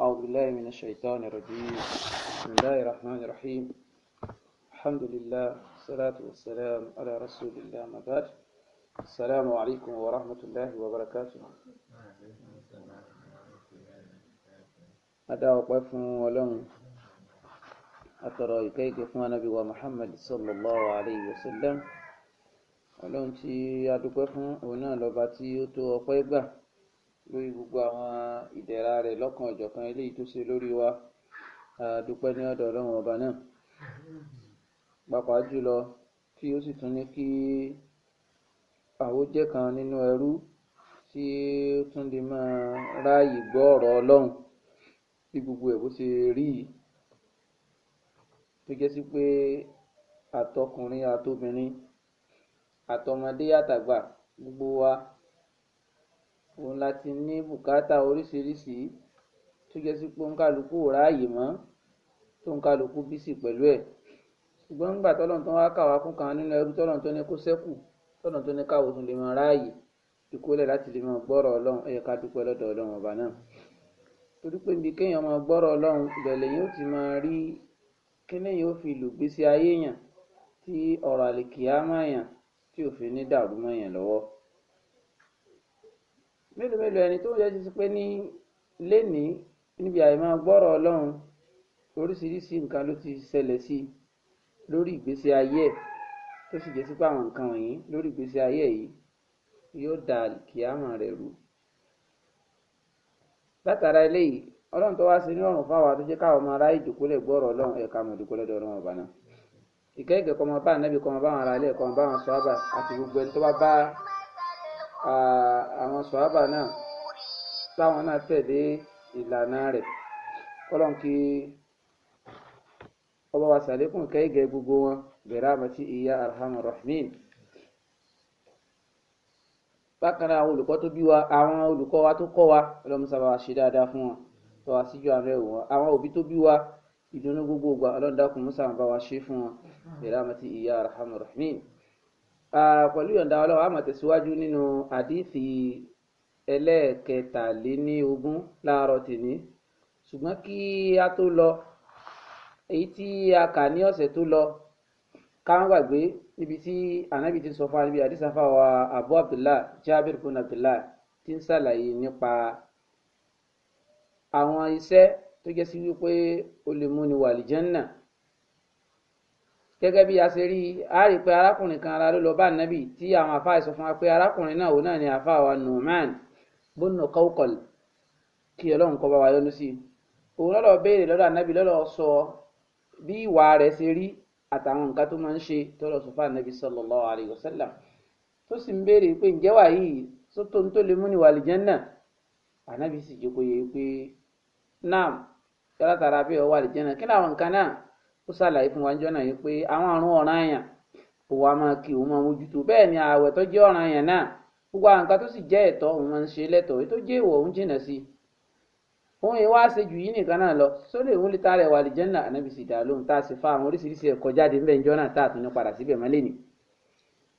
أعوذ بالله من الشيطان الرجيم بسم الله الرحمن الرحيم الحمد لله والصلاة والسلام على رسول الله ما بعد السلام عليكم ورحمة الله وبركاته أدعو قف ولم أترى كيك نبي محمد صلى الله عليه وسلم ولم تي أدعو قف ونالباتي يتوى قيبه lórí gbogbo àwọn ìdẹ̀ra rẹ̀ lọ́kan ọ̀jọ̀kan eléyìí tó ṣe lórí wa dúpẹ́ ní ọ̀dọ̀ ọlọ́run ọba náà pàápàá jùlọ tí ó sì tún ní kí àwo jẹ́ kan nínú ẹrú tí ó tún lè máa ráàyè gbọ́ ọ̀rọ̀ ọlọ́run bí gbogbo ẹ̀ bó ṣe rí yìí tó jẹ́ sí pé àtọkùnrin àtobìnrin àtọmọdé àtàgbà gbogbo wa òun la ti ní bùkátà oríṣiríṣi tó jẹ́ sí pé òǹkàlùkù ò ráàyè mọ́ tó òǹkàlùkù bí sì pẹ̀lú ẹ̀ ṣùgbọ́n nígbà tọ́lọ́n tó wá kàwá fún kan nínú ẹrú tọ́lọ́n tó ní kó sẹ́kù tọ́lọ́n tó ní káwọ́ tó lè máa ráàyè ìkólẹ̀ láti lè máa gbọ́rọ̀ ọlọ́run ẹ̀yẹ ká dúpẹ́ lọ́dọ̀ ọlọ́run ọba náà torí pé ibi kéèyàn máa gbọ́rọ̀ ọlọ́run ìbẹ̀lẹ̀ yóò ti máa rí kíní yóò fi lùgbésí ayé yàn tí ọ̀rọ̀ àlèkìá máa yàn tí òfin ní dàrú mọ́ yàn lọ́wọ́ mélòó mélòó ẹni tó yẹ ti pé ní lénìí níbi àìmọ̀ gbọ́rọ̀ Ọlọ́run oríṣiríṣi nǹkan ló ti ṣẹlẹ̀ sí i lórí ìgbésí ayé ẹ̀ tó sì jẹ́ sí pé àwọn nǹkan wọ̀nyí lórí ìgbésí ayé yìí yóò da kìámà rẹ̀ rú látara eléyìí Ọlọ́run tó wá sí nírọ̀rùn fáwọn àtúnṣe káwọn ọmọ ará ìjòkólẹ̀ gbọ́rọ̀ Ọlọ́run ẹ̀ka mọ̀dúkọ́ lọ́dọ̀ Ọlọ́run ọba náà ìkẹ́kẹ́ kọ́mọ bá ànábì kọ́mọ bá àwọn ará ilé bá àwọn sọ́ábà àti gbogbo ẹni tó bá bá àwọn sọ̀hábà náà táwọn náà tẹ̀lé ìlànà rẹ̀ kọ́lọ́n kí ọba wa sàlékún kẹ́gẹ́ gbogbo wọn bẹ̀rẹ̀ àmàtí ìyá arhamar rahimin bákan náà àwọn olùkọ́ tó bí wa àwọn olùkọ́ wa tó kọ́ wa ọlọ́run sábà wa ṣe dáadáa fún wọn tó wá síjú àánú ẹ̀wọ̀n wọn àwọn òbí tó bí wa ìdùnnú gbogbo ògbà ọlọ́run dákun musa bá wa ṣe fún wọn bẹ̀rẹ̀ àmàtí ìyá arhamar rahimin pẹ̀lú ìyọ̀ǹda ọlọ́run a máa tẹ̀síwájú nínú àdíìsì ẹlẹ́ẹ̀kẹtàléníogún láàárọ̀ tèmi ṣùgbọ́n kí a tó lọ èyí tí a kà ní ọ̀sẹ̀ tó lọ ká ń gbàgbé níbi tí ànábì ti sọ fún wa níbi àdísà fáwa abu abdullah jabir bin abdullah ti ń ṣàlàyé nípa àwọn iṣẹ́ tó jẹ́ sí wípé ó lè múni wọ àlìjánnà gẹ́gẹ́ bí a ṣe rí a rí pé arákùnrin kan ara ló lọ bá nàbì tí àwọn àfáà sọ fún wa pé arákùnrin náà òun náà ni àfáà wa Nu'man bónú kọ́kọ́l kí ọlọ́run kọ́ bá wa yọ́nú sí i òun lọ́lọ́ béèrè lọ́dọ̀ ànábì lọ́lọ́ sọ bí ìwà rẹ̀ ṣe rí àtàwọn nǹkan tó máa ń ṣe tọ́lọ̀ sọ fún ànábì sallallahu alaihi wasallam tó sì ń béèrè pé ǹjẹ́ wà yìí sótó ń tó lè mú ni wà àlìjẹ́nnà ànábì sì jẹ́ yẹ pé náà yàrá tààrà bí ọ wà àlìjẹ́nnà kí ni àwọn nǹkan náà ó ṣàlàyé fún wa ń jọ́nà yìí pé àwọn àrùn ọ̀ràn àyàn òwò a máa kí òun máa mójútó bẹ́ẹ̀ ni ààwẹ̀ tó jẹ́ ọ̀ràn àyàn náà gbogbo àwọn nǹkan tó sì jẹ́ ẹ̀tọ́ òun máa ń ṣe lẹ́tọ̀ọ́ èyí tó jẹ́ ìwọ̀ òun jìnà sí i òun yìí wá ṣe jù yìí nìkan náà lọ sólè òun lè taara ẹ̀wà àlìjẹ́nà ànábì sì dá lóhun tá a sì fa àwọn oríṣiríṣi ẹ̀kọ́ jáde ńbẹ̀ ńjọ́ náà tá a tún ní padà síbẹ̀ mọ́ lẹ́nìí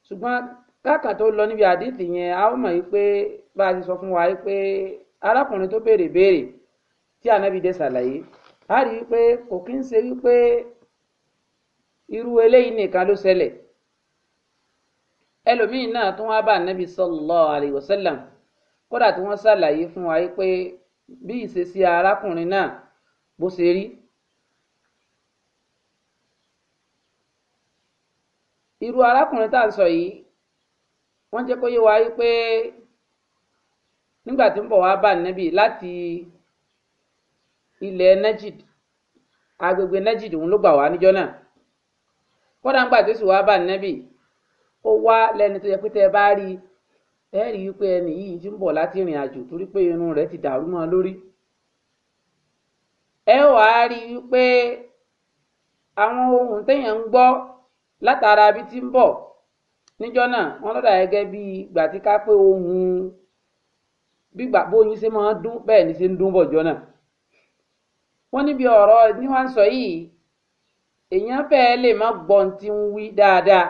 ṣùgbọ́n káàkà tó lọ níbi àdìtì yẹn a ó mọ̀ yìí pé bá a ti sọ fún wa yìí pé arákùnrin tó béèrè béèrè tí ànábì dé ṣàlàyé a rí i pé kò kí ń ṣe wípé irú eléyìí nìkan ló ṣẹlẹ̀ ẹlòmíín náà tún wá bá ànábì sallallahu alaihi wasallam kódà tí wọ́n ṣàlàyé fún wa pé bí ìṣesí arákùnrin náà bó ṣe rí irú arákùnrin tá à ń sọ yìí wọ́n jẹ́ kó yé wa pé nígbà tí ń bọ̀ wá bá ànábì láti ilẹ̀ Najid agbègbè Najid òun ló gbà wá níjọ́ náà. kódà gbà tó sì wá bá nẹ́bì ó wá lẹ́ni tó yẹ pé tẹ́ ẹ bá rí ẹ pé ẹni yìí ti ń bọ̀ láti ìrìn àjò torí pé irun rẹ̀ ti dàrú mọ́ lórí ẹ wàá rí i pé àwọn ohun téèyàn ń gbọ́ látara bí ti ń bọ̀ níjọ́ náà wọ́n lọ́dà gẹ́gẹ́ bí ìgbà tí ká pé ohun gbígbà ṣe máa jọ náà èèyàn fẹẹ lè má gbọ́ ohun tí ń wí dáadáa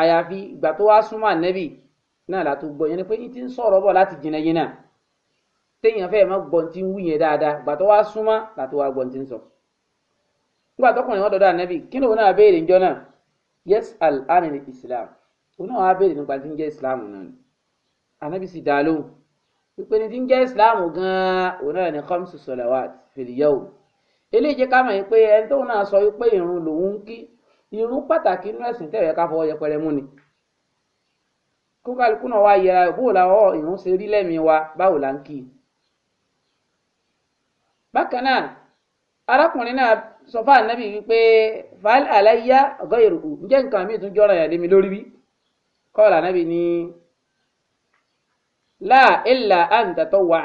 àyàfi ìgbà tó wá súnmọ́ ànẹbì náà la tó gbọ́ yẹn ni pé ti ń sọ̀rọ̀ bọ̀ láti jìnnà yìí náà téèyàn fẹẹ má gbọ́ ohun tí ń wí yẹn dáadáa ìgbà tó wá súnmọ́ láti wá gbọ́ ohun tí ń sọ nígbà tọkùnrin wọn dọdọ ànẹbì kí lóun náà béèrè ńjọ́ náà yes al amin islam òun náà wá béèrè nípa tí islam náà ni ànẹbì sì dá lóhùn ìpèníjì ń jẹ islam ganan òun náà ní khamsu salawat fil eléyìí jẹ́ ká mọ̀ yín pé ẹni tóun náà sọ pé ìrun lòun ń kí ìrun pàtàkì inú ẹ̀sìn tẹ̀wẹ̀ ká fọwọ́ yẹpẹrẹ mú ni kó kálukú náà wá yẹra bó làwọ ìrun ṣe rí lẹ́mìí wa báwo là ń kí i. bákan náà arákùnrin náà sọ fún ànábì wípé fàálì àlàyé ọgọ́ ìrùkù ǹjẹ́ nǹkan mi tún jọ́ra yàrá mi lórí bí kọ́ọ̀lù ànábì ní láà ìlà àǹtàtọ̀ wà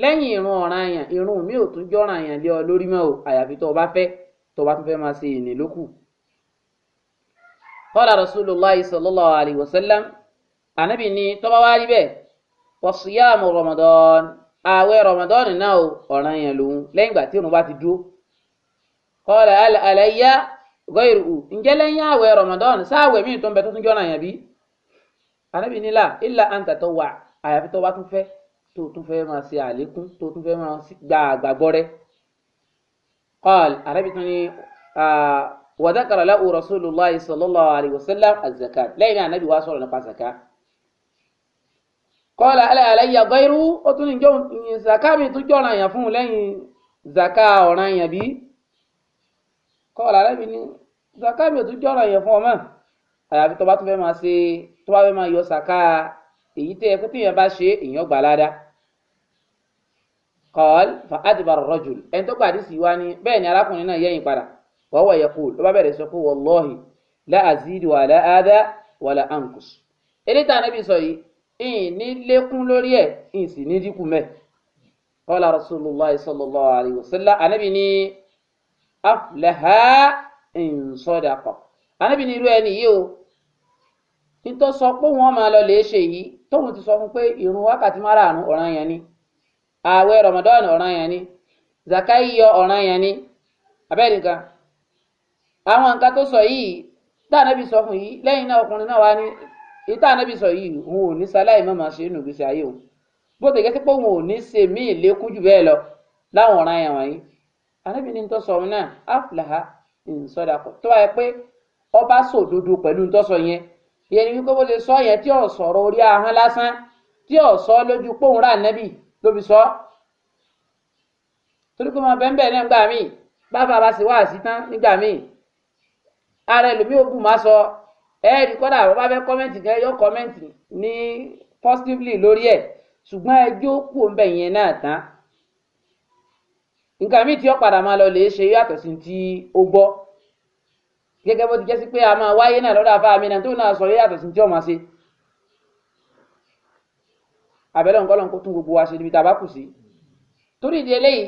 lẹ́yìn ìrun ọ̀ranyàn ìrun mi ò tún jọ̀ranyàn lé ọ lórí mọ́ o àyàfi tó o bá fẹ́ tó o bá tún fẹ́ máa ṣe ìní lókù. qala rasulullah sallallahu alayhi wa sallam ànábì ni tó wá rí bẹ́ẹ̀ wa siyamu ramadan ààwẹ̀ ramadan náà o ọ̀ranyàn lòun lẹ́yìn ìgbà tí ìrun bá ti dúró. qala hal alayya ghayruhu ǹjẹ́ lẹ́yìn ààwẹ̀ ramadan sáàwẹ̀ míì tó ń bẹ tó tún jọ̀ranyàn bí? ànábì ni la illa an tatawwa àyàfi tó o bá tún fẹ́ tó tún fẹ́ máa ṣe àlékún tó tún fẹ́ máa gba àgbàgbọ́ rẹ. qal arábìtún ni wàdákàrà láwù rasulillah sallallahu alayhi wa sallam azakat lẹ́yìn náà anabi wa sọ̀rọ̀ nípa zaka. qal alẹ́ aláyà gbẹ́rú ó tún ní zaka mi tún jọ̀ràn àyàn fún un lẹ́yìn zaka ọ̀ràn àyàn bí. qal arábìtún ni zaka mi tún jọ̀ràn àyàn fún ọmọ àyàfi tó bá tún fẹ́ máa ṣe tó bá fẹ́ máa yọ zaka èyí tẹ́ ẹ pé téèyàn bá ṣe èèyàn gbà ládá kọ́ọ̀l fa adìbàrọ̀ rọ́jùl ẹni tó gbàdí sí wa ni bẹ́ẹ̀ ni arákùnrin náà yẹ̀yìn padà wọ́n wọ̀ yẹ̀kú ló bá bẹ̀rẹ̀ sọ pé wọ́lọ́hì láàzídì wà láàdá wà lá ankus eléyìí tá a nábì sọ yìí ìyìn ní lékún lórí ẹ̀ ìyìn sì ní dínkù mẹ́ kọ́lá rasulillah sallallahu alayhi wa sallam anabi ni aflaha nsọdakọ anabi ni irú ẹni yìí o nítòsọ pé wọn máa lọ lè ṣe yìí tóun ti sọ fún pé ìrun wákàtí márààrún ọ̀ràn yẹn ni ààwẹ̀ Ramadan ọ̀ràn yẹn ni zakai yọ ọ̀ràn yẹn ni abẹ́rẹ́ àwọn nǹkan tó sọ yìí tá sọ fún yìí lẹ́yìn náà ọkùnrin náà wá ní sọ yìí òun ò ní sáláì má máa ṣe ayé bó ti gẹ́sí pé òun ò jù bẹ́ẹ̀ lọ láwọn ọ̀ràn yẹn wọ̀nyí ìyẹn ni wípé bó ṣe sọ yẹn tí ò sọrọ orí ahọ́n lásán tí ò sọ lójú póun rà nẹ́bì ló fi sọ torí pé ọmọ bẹ́ẹ̀ náà gbà míì bàbá bá sì wá sí tán nígbà ara ẹlòmíì ogun máa sọ ẹ̀ẹ́dì kọ́dà bàbá fẹ́ kọ́mẹ́ǹtì yóò kọ́mẹ́ǹtì ní positively lórí ẹ̀ ṣùgbọ́n ẹjọ́ kù ń bẹ̀ yẹn náà tán nǹkan míì tí ó padà máa lọ lè ṣe gẹ́gẹ́ bó ti jẹ́ sí pé a máa wáyé náà lọ́dọ̀ àfáà mi náà tó náà sọ yíyàtọ̀ sí tí ó máa ṣe àbẹ̀lẹ̀ ńkọ́lọ́ kó tún gbogbo wa ṣe níbi tá a bá kù sí. torí ìdí eléyìí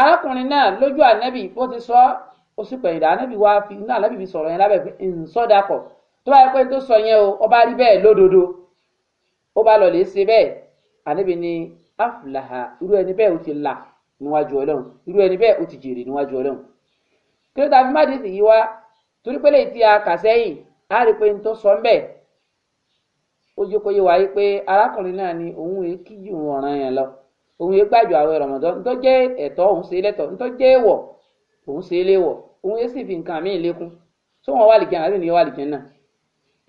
arákùnrin náà lójú ànábì bó ti sọ ó sì pẹ̀yìndà ànábì wa fi iná ànábì fi sọ̀rọ̀ yẹn lábẹ́ pé ǹsọ́dàkọ̀ tó bá yẹ pé tó sọ yẹn o ọba rí bẹ́ẹ̀ lódodo ó bá lọ lè ṣe bẹ́ẹ̀ ànábì ni aflaha irú ẹni bẹ́ẹ̀ ó ti là níwájú ọlọ́run irú ẹni bẹ́ẹ̀ ó ti jèrè níwájú ọlọ́run kí ló ta fi má dé sì yí wá torí pé lèyí tí a kà sẹ́yìn a rí i pé n tó sọ ń bẹ̀ ojókòye wáyé pé arákùnrin náà ni òun èé kíjù ọ̀ràn yẹn lọ òun èé gbàjọ àwẹ̀ Ramadan ntọ́ jẹ́ ẹ̀tọ́ òun ṣe lẹ́tọ̀ ntọ́ jẹ́ èèwọ̀ òun ṣe léèwọ̀ òun èé sì fi nǹkan míì lékún tó wọn wà lè jẹun àbí nìyẹn wà lè jẹun náà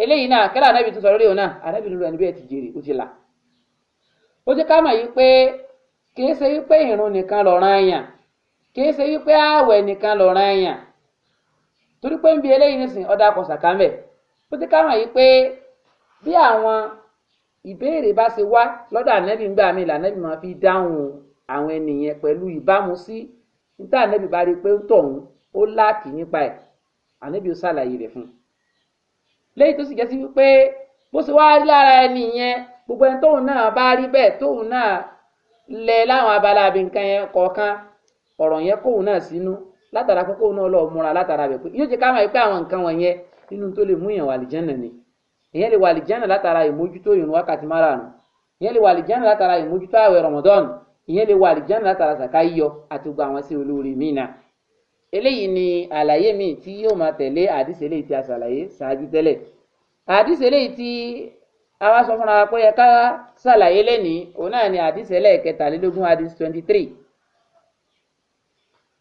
eléyìí náà kẹlẹ anábì tún sọ lórí òun náà anábì lórí ẹni bẹ́ẹ̀ ti jèrè ó ti là ó ti ká mọ̀ yìí pé kìí ṣe wípé ìrun nìkan lọ̀ràn àyàn kìí ṣe wípé ààwẹ̀ nìkan lọ̀ràn àyàn torí pé ń bi eléyìí nísìn ọdọ akọsà kámẹ ó ti káwọn yìí pé bí àwọn ìbéèrè bá ṣe wá lọ́dọ̀ ànẹbì ń gbà mí lànẹbì máa fi dáhùn àwọn ènìyàn pẹ̀lú ìbámu sí níta ànẹbì bá rí i pé ó tọ̀hún ó láàkì nípa ẹ̀ ànẹbì ó ṣàlàyé rẹ̀ fún un lẹ́yìn tó sì jẹ́ sí wípé bó ṣe wá rí lára ẹni yẹn gbogbo ẹni tóun náà bá rí bẹ́ẹ̀ tóun náà lẹ láwọn abala abìnkan yẹn kọ̀ọ̀kan ọ̀rọ̀ yẹn kóun náà sínú látara pé kóun náà lọ múra látara bẹ̀ pé yóò jẹ́ ká máa pé àwọn nǹkan wọ̀nyẹn nínú tó lè mú èèyàn wà lìjánà ni èèyàn lè wà lìjánà látara ìmójútó ìrun wákàtí márààrún èèyàn lè wà lìjánà látara ìmójútó àwẹ̀ Ramadan èèyàn lè wà lìjánà látara sàká yíyọ àti gbogbo àwọn sí olóore míì náà eléyìí ni àlàyé míì tí yóò máa tẹ̀lé àdìsí eléyìí tí a ṣàlàyé ṣáájú tẹ́lẹ̀ àdìsí eléyìí tí a wá sọ fúnra pé ẹ ká ṣàlàyé lẹ́nìí òun náà ni àdìsí ẹlẹ́ẹ̀kẹtàlélógún àdìsí twenty three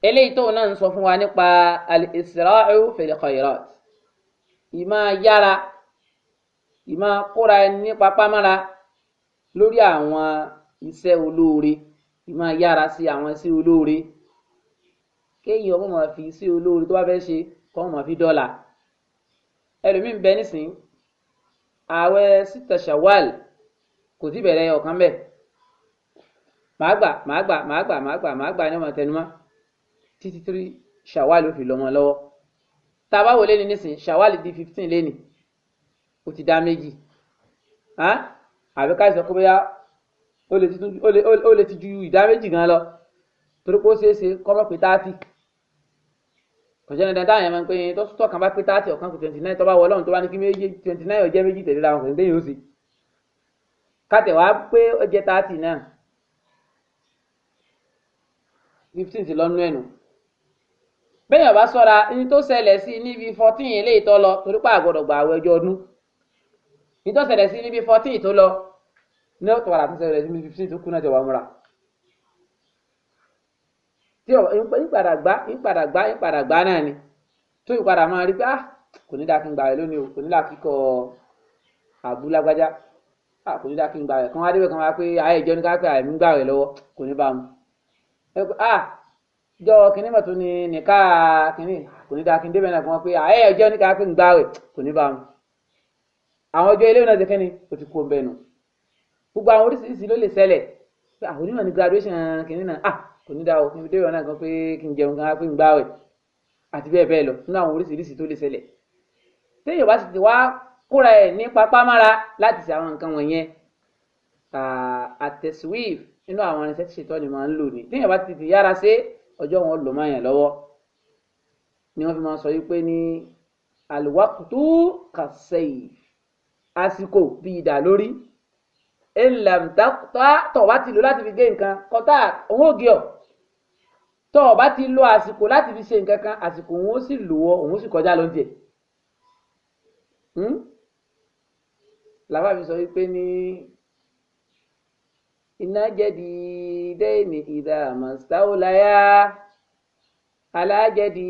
eléyìí tóun náà ń sọ fún wa nípa al-isra'u fil khairat ìmọ̀ yára ìmọ̀ kóra ẹni ní papámára lórí àwọn iṣẹ́ olóore ìmọ̀ yára sí àwọn iṣẹ́ olóore kéèyàn ọmọ máa fi iṣẹ́ olóore tó bá fẹ́ ṣe kọ́ máa fi dọ́là ẹlòmíín bẹ nísìnyí ààwẹ̀ sítà shawal kò tí bẹ̀rẹ̀ ọ̀kan bẹ̀ màá gbà màá gbà màá gbà màá gbà màá gbà ní ọmọ tẹnumọ́ títí tírí ṣàwálì ó fi lọ́mọ lọ́wọ́ tá a bá wọlé ní nísìnyí ṣàwálì di fifteen lẹ́nì ó ti dá méjì àbí ká sọ pé bóyá ó lè ti ju ìdá méjì gan lọ torí pé ó ṣeé ṣe kọ́ mọ̀ pé táàtì kọjá ní dandan yẹn máa ń pè é tó tọ́ kan bá pé táàtì ọ̀kan kù twenty nine tó bá wọ ọlọ́run tó bá ní kí méjì twenty nine ọ̀jẹ́ méjì tẹ̀lé ra wọn kò ní déyìn ó sì kátẹ̀ pé ó jẹ́ táàtì náà fifteen ti lọ́nu ẹ̀nu. bẹ́ẹ̀ bá sọ́ra ní tó ṣẹlẹ̀ sí níbi fourteen lọ torí pé àgọ́dọ̀ gba àwẹ̀ ọjọ́ ọdún ní tó ṣẹlẹ̀ sí níbi fourteen tó lọ ní ó tó tó ṣẹlẹ̀ sí níbi fifteen tó kú náà jọba múra tí ọ ìpadà na ìpadà náà ni tó ìpadà máa rí pé ah kò ní dáa kí n gbà rẹ lónìí o kò ní dáa kí kọ àbúlágbájá ah kò ní dáa kí n gbà rẹ kàn wá débẹ̀ kàn wá pé ìjọ ní ká pé gbà jọ kìnìún mọ̀tò ni nìka kìnìún kò ní dáa kí n débẹ̀ náà kí wọ́n pé àyè ọjọ́ ní ká pé ń gbá rẹ̀ kò ní bá mu àwọn ọjọ́ ilé náà ti kẹ́ni kò ti kú ọbẹ̀ nù gbogbo àwọn oríṣiríṣi ló lè ṣẹlẹ̀ pé àwọn onímọ̀ ní graduation kìnìún náà ah kò ní dáa o kí n débẹ̀ náà kan pé kí n jẹun kan pé ń gbá rẹ̀ àti bẹ́ẹ̀ bẹ́ẹ̀ lọ nínú àwọn oríṣiríṣi tó lè ṣẹlẹ̀ téèyàn bá sì ti ni máa ń lò ní ọjọ́ wọn lò máa yàn lọ́wọ́ ni wọ́n fi máa sọ wípé ní alwaqtu kasayf àsìkò bí ìdà lórí ẹnlẹmta tọ wá ti lò láti fi gé nǹkan kọta òun ò gé ọ tọ ọ bá ti lo àsìkò láti fi ṣe nǹkan kan àsìkò òun ó sì lò ọ òun ó sì kọjá lóúnjẹ hmm? làbá fi sọ wípé ní iná jẹ̀dí dẹ́ni ìdá mọ̀sáwùláyà alájẹ̀dí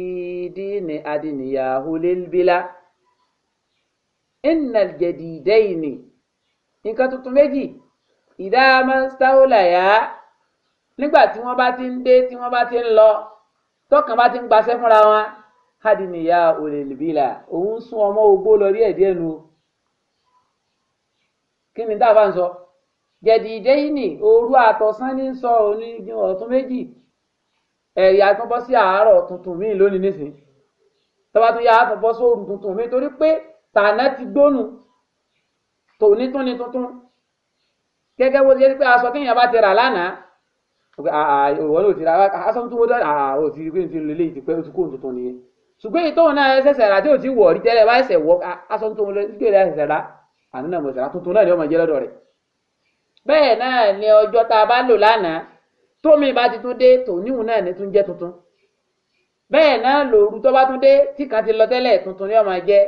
díìnì adìníyàwó lẹ́lbílà iná jẹ̀dí dẹ́ni nǹkan tuntun méjì ìdá mọ̀sáwùláyà nígbà tí wọ́n bá ti ń dé tí wọ́n bá ti ń lọ tọkàn bá ti ń gbaṣẹ́ fúnra wọn adìníyà olèlbílà òun sún ọmọ ogbó lọ rí ẹ̀dí ẹ̀nu kí ni dáàbà ń sọ gẹdìdéyìnì òru àtọ̀sán ní sọ òní ọ̀tún méjì ẹ̀yà tún bọ́ sí àárọ̀ tuntun míì lónìí nísìn tọ́ba tún yà á tún bọ́ sóòrù tuntun míì torí pé tàná ti gbónú tòní tún ni tuntun gẹ́gẹ́ bó ti yẹ pé aṣọ kéèyàn bá ti rà lánàá ìwọ ló ti ra aṣọ tuntun wọ́n ò ti rí pé ní ti lè léyìí ti pẹ́ oṣù kóhùn tuntun nìyẹn ṣùgbọ́n èyí tóun náà ṣẹ̀ṣẹ̀ rà tí ò ti wọ̀ rí tẹ́lẹ̀ bá ṣẹ̀ wọ aṣọ tuntun lọ sí kéde ṣẹ̀ṣẹ̀ rà àná náà mo ṣẹ̀ṣẹ̀ tuntun náà ni ọmọ jẹ́ rẹ̀ bẹ́ẹ̀ náà ni ọjọ́ tá a bá lò lánàá tómi bá ti tún dé tòníhùn náà ni tún jẹ́ tuntun bẹ́ẹ̀ náà lòru tó bá tún dé tí kan ti lọ tẹ́lẹ̀ tuntun ni ó máa jẹ́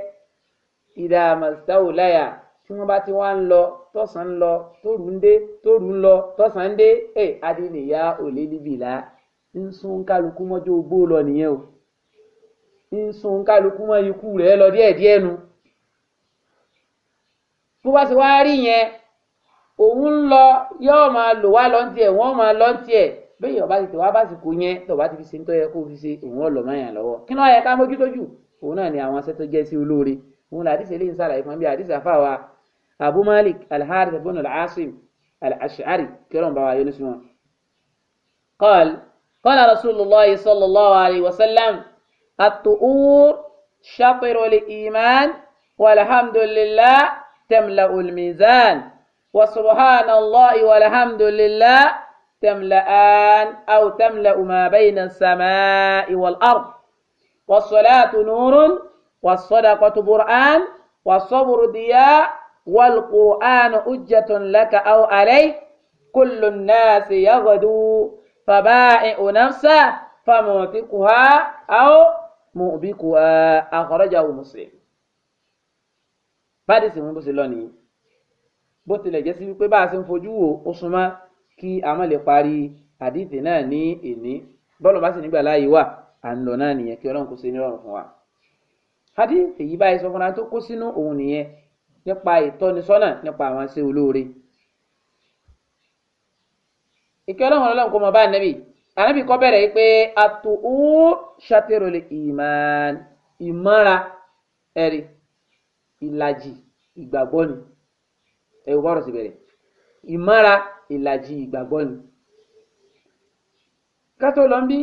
ìdá màsítáwò láyà tí wọ́n bá ti wá ń lọ tọ̀sán ń lọ tóru ń dé tóru ń lọ tọ̀sán ń dé ẹ adínìyá òlé níbí là ń sún kálukú mọ́jọ́ ogbó lọ nìyẹn o ń sún kálukú mọ́ ikú rẹ̀ lọ díẹ̀díẹ̀ nu bó bá ti wá rí yẹn òun ń lọ yóò máa lò wá lọ́n tiẹ̀ wọ́n máa lọ́n tiẹ̀ bẹ́ẹ̀ ọba ti tẹ̀ wá básìkò yẹn tọ̀ba ti fi ṣe ń tọ́ kó fi ṣe òun ọ̀lọ́ máa yàn lọ́wọ́ kí ló yẹ ká mójútó jù òun náà ni àwọn aṣẹ́ jẹ́ sí olóore òun là àdìsẹ́ lẹ́yìn sàlàyé fún bí àdìsẹ́ àfàwà Abu Malik al-Harith ibn al-Asim bá wa yọ nísìmọ́. qal qala Rasulullahi sallallahu alayhi wa sallam at-tu'ur shatrul iman walhamdulillah tamla'ul mizan. وسبحان الله والحمد لله تملأان أو تملأ ما بين السماء والأرض والصلاة نور والصدقة برهان والصبر ضياء والقرآن أجة لك أو عليك كل الناس يغدو فبائع نفسه فموتقها أو مؤبقها أخرجه مسلم. Bá a dì sí mú bó tilẹ̀ jẹ́ sí wípé bá a ṣe ń fojú wò ó súnmọ́ kí a má lè parí àdìtì náà ní èní bọ́lọ̀ bá sì nígbà láàyè wà à ń lọ náà nìyẹn kí ọlọ́run kó ṣe nírọ̀rùn fún wa. àdìtì yìí báyìí sọ fúnra tó kó sínú òun nìyẹn nípa ìtọ́nisọ́nà nípa àwọn ṣe olóore. ìkẹ́ ọlọ́run ọlọ́run kó mọ bá ànábì ànábì kọ́ bẹ̀rẹ̀ pé àtò ó ṣàtẹ̀rọ̀lẹ̀ ìmọ̀ra ẹ̀rí ìlàjì ìgbàgbọ́ ẹ wò bọ́rọ̀ sí bẹ̀rẹ̀ ìmára ìlàjì ìgbàgbọ́ ni kátó lọ ń bí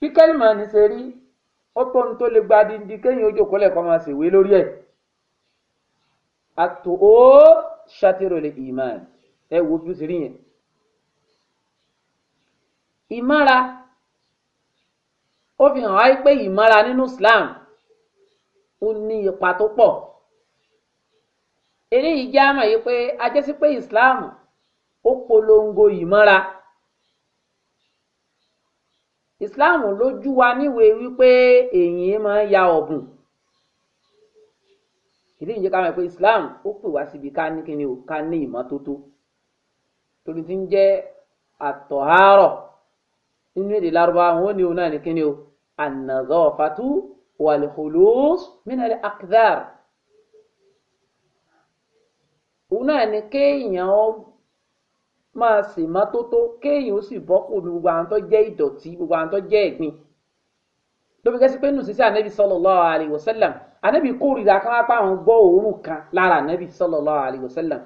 bí kẹ́lìmọ̀ ní ṣe rí ó tó ń tó lè gba dindi kéyìn ojú òkúlẹ̀ kan máa ṣèwé lórí ẹ̀ àtò ó ṣàtìrò lè ìmáà ẹ wo bí ó ṣe rí yẹn ìmára ó fi hàn wáyé pé ìmára nínú Islam ó ní ipa tó pọ̀ eléyìí já mọ̀ yìí pé ajẹ́sí pé Islam ó polongo ìmọ́ra Islam lójú wa níwèé wípé èyí máa ya ọ̀bùn eléyìí jẹ́ ká mọ̀ pé Islam ó pè wá síbi ká ní kíni o ká ní ìmọ́tótó torí ti ń jẹ́ àtọ̀hárọ̀ nínú èdè lárúbáwá wọn ni òun náà ní kíni o an-nadhafatu wal òun náà ni kéèyàn máa ṣe mọ́tótó kéèyàn ó sì bọ́kù gbogbo àwọn tó jẹ́ ìdọ̀tí gbogbo àwọn tó jẹ́ ẹ̀gbin lóbi gẹ́sí pé nùsísí ànábì sallallahu alaihi wasallam ànábì kórìíra kan wá pa àwọn gbọ́ òórùn kan lára ànábì sallallahu alaihi wasallam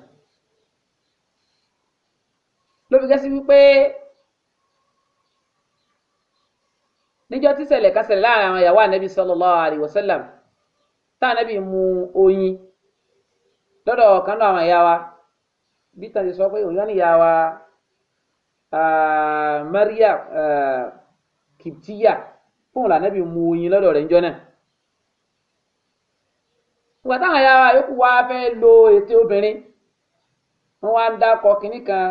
lóbi gẹ́sí wípé níjọ́ tí ṣẹlẹ̀ kan ṣẹlẹ̀ láàrin àwọn ìyàwó ànábì sallallahu alaihi tá ànábì mu oyin lọ́dọ̀ ọ̀kan náà àwọn ìyá wa bí tàn ti sọ pé òun yọ ní ìyá wa ah, Maria ah, Kiptiya fún òun lànàbí mu oyin lọ́dọ̀ rẹ̀ níjọ́ náà ìgbà táwọn ìyá wa yòókù wá fẹ́ lo ète obìnrin wọn wá ń dákọ kínní kan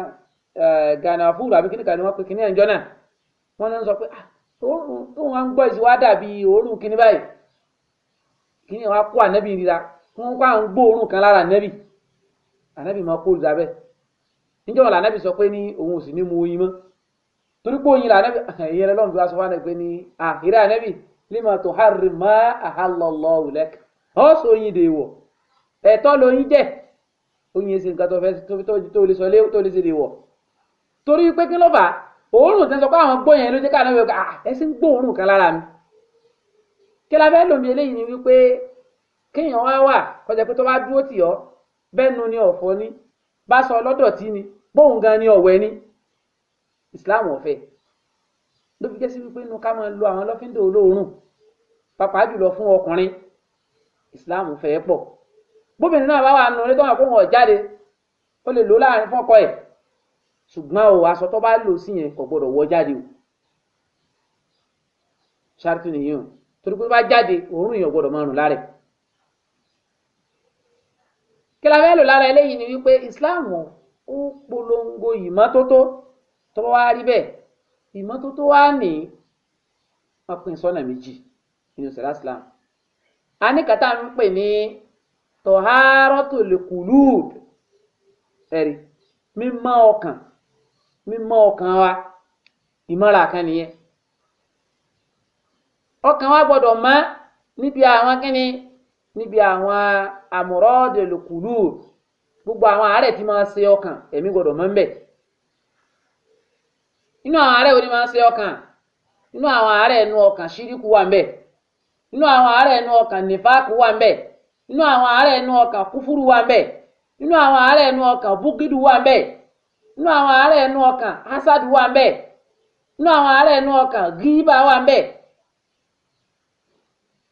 eh, ganafuru àbí kínní kan ni wọn pe kínní ẹ̀ńjọ́ náà wọn náà sọ pé ah, òun wọn ń gbọ́ ìsìn wá dàbí òórùn kínní báyìí kínní wọn kó ànábì rira fún pa ń gbóòórùn kan lára anabi ànábì máa kó olùdá bẹ́ẹ̀ níjọ́ wọn sọ pé ní òun ò sì ní mu oyin torí pé oyin wá sọ fún pé ní anabi lima ma ahallallahu lak ọ́ sọ oyin dèèwọ̀ ẹ̀tọ́ lóyin jẹ́ oyin ṣe nǹkan tó fẹ́ tó lè sọ lé tó lè ṣe dèèwọ̀ torí pé kí ló fà á òórùn tẹ́ sọ pé àwọn ló gbóòórùn kan lára mi kí la kéèyàn wá wà kọjá pé tó bá dúró tì ọ bẹ́ẹ̀ nu ni ọ̀fọ́ ni bá sọ ọlọ́dọ̀ tí ni bóun gan ni ọ̀wẹ́ ni Islam ọ̀fẹ́ ló fi jẹ́ sí wípé inú ká máa lo àwọn lọ́fíńdò olóòórùn pàápàá jùlọ fún ọkùnrin Islam fẹ́ pọ̀ bóbìnrin náà bá wà nù ní tọ́wọ́n kó wọn jáde ó lè lò láàrin fọ́kọ ẹ̀ ṣùgbọ́n o aṣọ tó bá lò sí yẹn kò gbọdọ̀ wọ jáde o ṣáàtú nìyí o torí pé bá jáde òórùn yẹn gbọdọ̀ máa rùn lára kí la fẹ́ lára eléyìí ni wípé Islam ó polongo ìmọ́tótó tó wá rí bẹ́ẹ̀ ìmọ́tótó wá ní wọn sọ́nà méjì nínú Islam a ní kàtà ń pè ní tọ̀hárọ́tòlè ẹ̀rí mímọ́ ọkàn mímọ́ ọkàn wa ìmọ́ra kan nìyẹn ọkàn wa gbọ́dọ̀ mọ́ níbi àwọn kínní. níbi àwọn àmúrọ́dẹ̀lùkùlù gbogbo àwọn àárẹ̀ tí máa ń ṣe ọkàn ẹ̀mí gbọ́dọ̀ mọ́ ń bẹ̀. inú àwọn àárẹ̀ wo ni máa ń ṣe ọkàn inú àwọn àárẹ̀ ẹnu ọkàn ṣíríkù wà ń bẹ̀ inú àwọn àárẹ̀ ẹnu ọkàn nífàkù wà ń bẹ̀ inú àwọn àárẹ̀ ẹnu ọkàn kúfúrú wà ń bẹ̀ inú àwọn àárẹ̀ ẹnu ọkàn búgídù wà ń bẹ̀ inú àwọn àárẹ̀ ẹnu ọkàn wà ń bẹ̀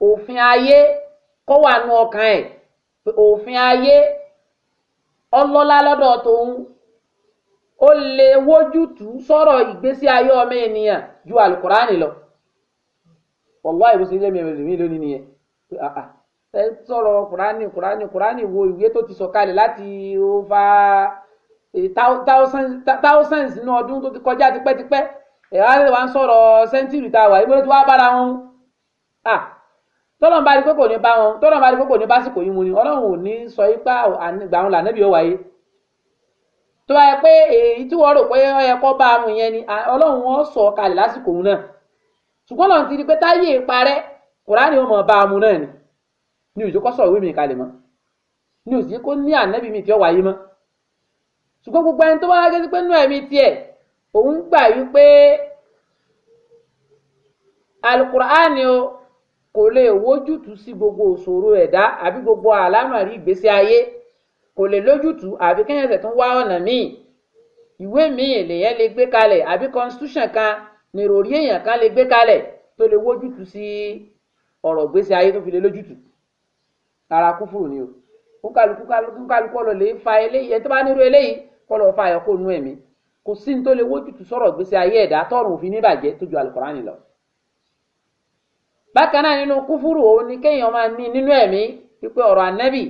òfin ayé kó wà nù ọkàn ẹ̀ òfin ayé ọlọ́lá lọ́dọ̀ tòun ó lè wójútùú sọ̀rọ̀ ìgbésí ayé ọmọ ènìyàn ju alukurani lọ wàllá ìwòsàn ilé mi ẹ̀mí lónìí nìyẹn ẹ sọ̀rọ̀ kurani kurani kurani wo ìwé tó ti sọ̀kalẹ̀ láti ova thousands nínú ọdún tó ti kọjá tipẹ́tipẹ́ ẹ̀ wá ń sọ̀rọ̀ sẹ́ńtírì tá a wà ìgbọ́dọ̀ tí wàá bára wọn. tọ́lọ́n bá rí bá wọn bá rí kò ní mu ni ọlọ́run ò ní sọ ipá àgbà wọn lànà bí ó wáyé tó bá yẹ pé èyí tí wọ́n rò pé yẹ ni ọlọ́run wọn sọ kalẹ̀ lásìkò òun náà ṣùgbọ́n lọ́n ti rí pé táyé parẹ́ kùránì ó mọ̀ bá náà ni ni òjò kọ́ sọ̀rọ̀ mi ṣùgbọ́n gbogbo ẹni tó bá kò lè wójútùú sí gbogbo òṣòro ẹ̀dá àbí gbogbo àlámọ̀rí ìgbésí ayé kò lè lójútùú àbí kéèyàn tẹ̀ tún wá ọ̀nà míì ìwé míì lèyẹn lè gbé kalẹ̀ àbí constitution kan nìròrí èèyàn kan lè gbé kalẹ̀ tó lè wójútùú sí ọ̀rọ̀ ìgbésí ayé tó fi lè lójútùú rárá kúfùrù ni o kúkàlùkù kúkàlùkù ọlọ lè fa eléyìí ẹ tó bá nírú eléyìí kọlọ fa ayọkọ nú ẹ̀mí kò sí ní tó lè wójútùú sọ̀rọ̀ ìgbésí bákan náà nínú kúfúrú òun ni kéèyàn máa ní nínú ẹ̀mí wípé ọ̀rọ̀ ànábì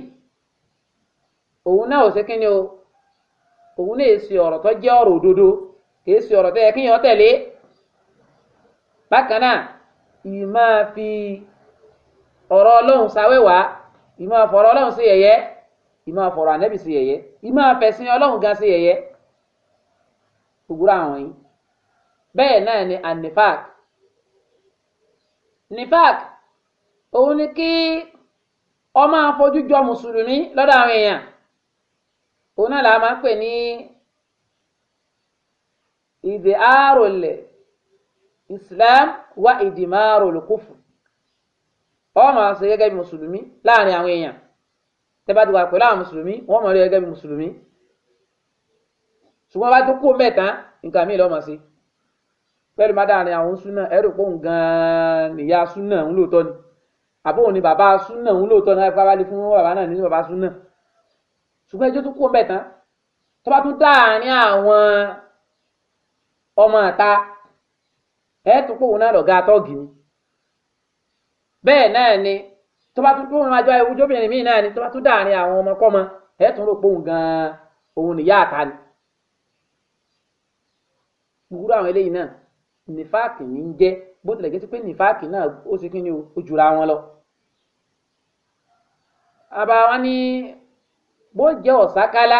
òun náà ò sí kíni o òun náà èsì ọ̀rọ̀ tó jẹ́ ọ̀rọ̀ òdodo èsì ọ̀rọ̀ tó yẹ kéèyàn tẹ̀lé bákan náà ìmọ̀ fi ọ̀rọ̀ ọlọ́run sáwẹ́wàá ìmọ̀ fọ̀rọ̀ ọlọ́run sí yẹ̀yẹ́ ìmọ̀ fọ̀rọ̀ ànẹ́bì sí yẹ̀yẹ́ ìmọ̀ fẹ̀sìn ọlọ́run gan sí yẹ̀yẹ́ gbogbo àwọn yìí bẹ́ẹ̀ náà ni anifak nifak òun ni kí ó máa fojú jọ mùsùlùmí lọ́dọ̀ àwọn èèyàn òun náà la máa pè ní ìdìáròl islam wa ìdìmáròl kúfù ó máa ṣe gẹ́gẹ́ bí mùsùlùmí láàrin àwọn èèyàn tẹ́ bá ti wà pẹ̀lú àwọn mùsùlùmí wọ́n mọ̀ rí gẹ́gẹ́ bí mùsùlùmí ṣùgbọ́n bá tó kú mẹ́ta nǹkan míì lọ́mọ sí i fẹ́ẹ́rì má dáàrin àwọn súnà ẹ̀rù pé gan-an nìyá súnà ń lóòótọ́ ni àbó òun ni bàbá súnà ń lóòótọ́ ni láti fáwọn fún bàbá náà ní bàbá súnà ṣùgbọ́n ẹjọ́ tó kú ọmọ ẹ̀tàn tó bá tún dáàrin àwọn ọmọ àta ẹ̀ẹ́dù pé òun náà lọ̀gá tọ́ọ̀gì ni bẹ́ẹ̀ náà ni tó bá tún tóun àjọ ìwújọ́bìnrin míì náà ni tó bá tún dáàrin àwọn ọmọkọ́mọ ẹ̀ẹ́dù rò pé òun gan-an òun nìyá àta nífàkì ní í jẹ́ bó tilẹ̀ jẹ́ sí pé nífàkì náà ó ṣe kí ni ó jura wọn lọ. àbá wa ní bó jẹ́ ọ̀sákálá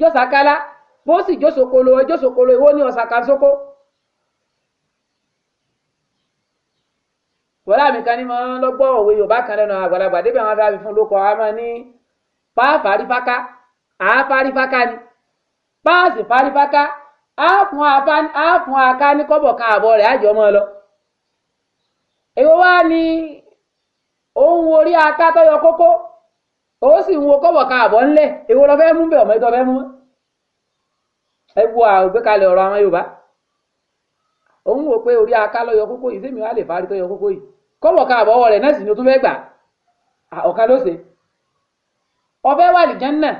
jọ́sákálá bó sì jọ́sokolo jọ́sokolo ìwọ ní ọ̀sàkàsókó. wọlé àmì kan ní mo lọ gbọ́ òwe yorùbá kan lẹ́nu àgbàlagbà débi àwọn afẹ́ àfihàn ló a máa ní pàápàá rí fáká àáfáà rí fáká ni páàsì fárí fáká á fún abá á fún aká ní kọ́bọ̀ kan àbọ̀ rẹ̀ àjọ mọ́ ọ lọ. èwo wá ní òun orí aká tó yọ kókó ó sì ń wo kọ́bọ̀ kan àbọ̀ ńlẹ̀ èwo lọ fẹ́ mú bẹ̀ ọ̀mọ́ ìtọ́ fẹ́ mú ẹ wo àgbékalẹ̀ ọ̀rọ̀ àwọn Yorùbá òun wò pé orí aká ló kókó yìí sẹ́mi wá lè fárí tó kókó yìí kọ́bọ̀ kan àbọ̀ ọwọ́ náà sì ni o tún fẹ́ gbà ọ̀kan ló ṣe ọfẹ́ wà lìjẹ́ náà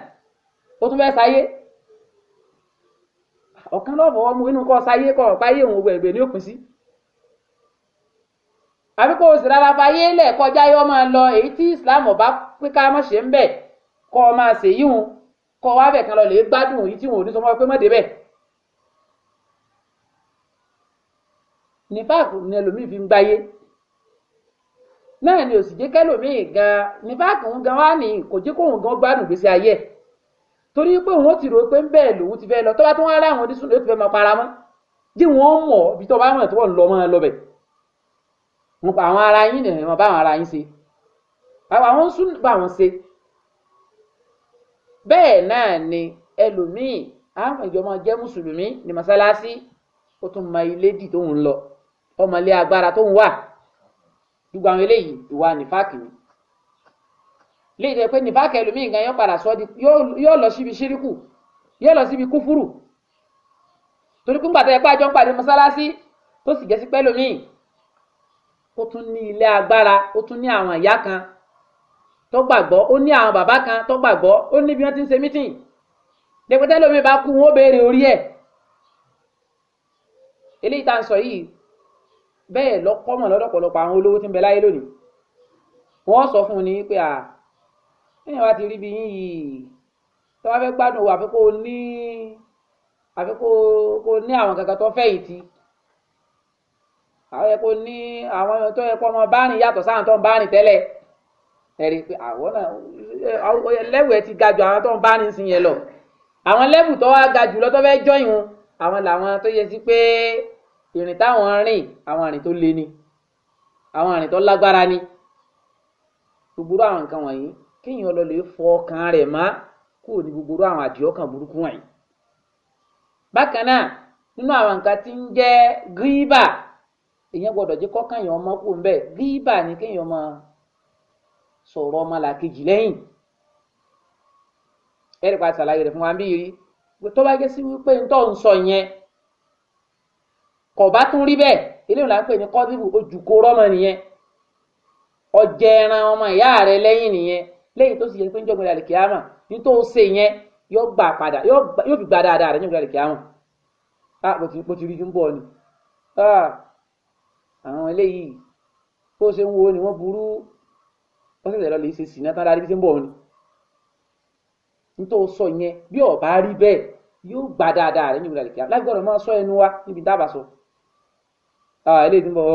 o tún fẹ́ sáyé ọ̀kan lọ́ọ̀fọ̀ ọmọ inú kọ́ sáyé kọ́ ọ̀pá ayé òun gbẹ̀gbẹ̀ ní òpin sí. àbí kò sì rárá fayé lẹ̀ kọjá yọ máa lọ èyí tí Islam ọba pé ká má ṣe ń bẹ̀ kọ́ ọ máa ṣe yíhun kọ́ wá bẹ̀ kan lọ lè gbádùn èyí tí wọn ò ní sọ fún ọ pé má débẹ̀. nífàkù ni ẹlòmíì fi ń gbáyé náà ni òsì jẹ́ kẹ́lòmíì gan nífàkù gan wá ní kò jẹ́ kóun gan gbádùn gbèsè ayé ẹ̀ torí pé òun ó ti rò pé bẹ́ẹ̀ lòun ti fẹ́ lọ tó bá tó wá rá àwọn onísùn ló ti fẹ́ máa para mọ́ jí wọ́n mọ̀ ibi tó bá mọ̀ tó wọ́n lọ mọ́ ẹ lọ bẹ̀ wọn pa àwọn ara yín nìyẹn wọn bá àwọn ara yín ṣe àwọn sùn bá wọn ṣe bẹ́ẹ̀ náà ni ẹlòmíì àwọn ìjọ máa jẹ́ mùsùlùmí ní mọ́sálásí ó tún mọ ilé dì tó ń lọ ọmọlé agbára tó ń wà gbogbo àwọn eléyìí ìwà nífàkì lè jẹ́ pé nìfàkẹ́ ẹlòmíì nǹkan yẹn padà sọ di yóò lọ síbi ṣíríkù yóò lọ síbi kúfúrù torí pé gbàtọ́ ẹ̀pá àjọ ń pàdé mọ́sálásí tó sì jẹ́ sí pẹ́ lòmíì ó tún ní ilé agbára ó tún ní àwọn ìyá kan tó gbàgbọ́ ó ní àwọn bàbá kan tó gbàgbọ́ ó ní bí wọ́n ti ń ṣe mítìn dẹ́gbẹ́tẹ́ lómi bá kú wọn ó béèrè orí ẹ̀ eléyìí tá à ń sọ yìí bẹ́ẹ̀ lọ́kọ́mọ̀ lọ́dọ̀pọ̀lọpọ̀ àwọn olówó tí ń bẹ láyé lónìí wọ́n sọ fún un ní pé à lẹ́yìn wá ti rí bí yín yìí tó bá fẹ́ gbádùn owó àfi kó o ní àfi kó o ní àwọn kankan tó fẹ́ yìí ti àwọn yẹ kó ní àwọn tó yẹ kó ọmọ bá rìn yàtọ̀ sáwọn tó ń bá rìn tẹ́lẹ̀ ẹ̀rí pé àwọn náà lẹ́wù ẹ̀ ti ga jù àwọn tó ń bá sí yẹn lọ àwọn lẹ́wù tó wá ga jù lọ tó fẹ́ jọyìn wọn àwọn làwọn tó yẹ sí pé ìrìn táwọn rìn àwọn ìrìn tó le ni àwọn ìrìn tó lágbára ni gbogbo àwọn nǹkan wọ̀nyí kéèyàn lọ lè fọ ọkàn rẹ̀ má kúrò ní gbogbo àwọn àdìọ́kàn burúkú wọ̀nyí. bákan náà nínú àwọn nǹkan tí ń jẹ́ gíríbà èèyàn gbọ́dọ̀ jẹ́ kọ́kàn èèyàn ọmọ kú ńbẹ̀ gíríbà ni kéèyàn máa sọ̀rọ̀ ọmọlàkejì lẹ́yìn ẹ̀rì pa ṣàlàyé rẹ̀ fún wa bí rí tó bá gé sí wípé ń tọ́ ń sọ yẹn kò tún rí bẹ́ẹ̀ eléyìí là ń pè ní kọ́dìbù ojúkó rọ́mọ nìyẹn ọ̀jẹ̀ ẹran ọmọ ìyá rẹ lẹ́yìn nìyẹn lẹ́yìn tó sì yẹ pé ń jọgbìn àlìkè àmà ní tó ṣe yẹn yóò gbà padà yóò fi gbà dáadáa rẹ ní jọgbìn àlìkè àmà a bó ti rí ju ń bọ̀ ni ah, àwọn eléyìí bó ṣe ń wo ni wọ́n burú wọ́n ṣẹ̀ṣẹ̀ lọ lè ṣe sìnà tán láti fi ṣe ń bọ̀ ni nítorí sọ yẹn bí ọba rí bẹ́ẹ̀ yóò gbà dáadáa rẹ ní jọgbìn àlìkè àmà lágbọ́dọ̀ máa sọ ẹnu wa níbi dábàá sọ ah, eléyìí ti ń bọ̀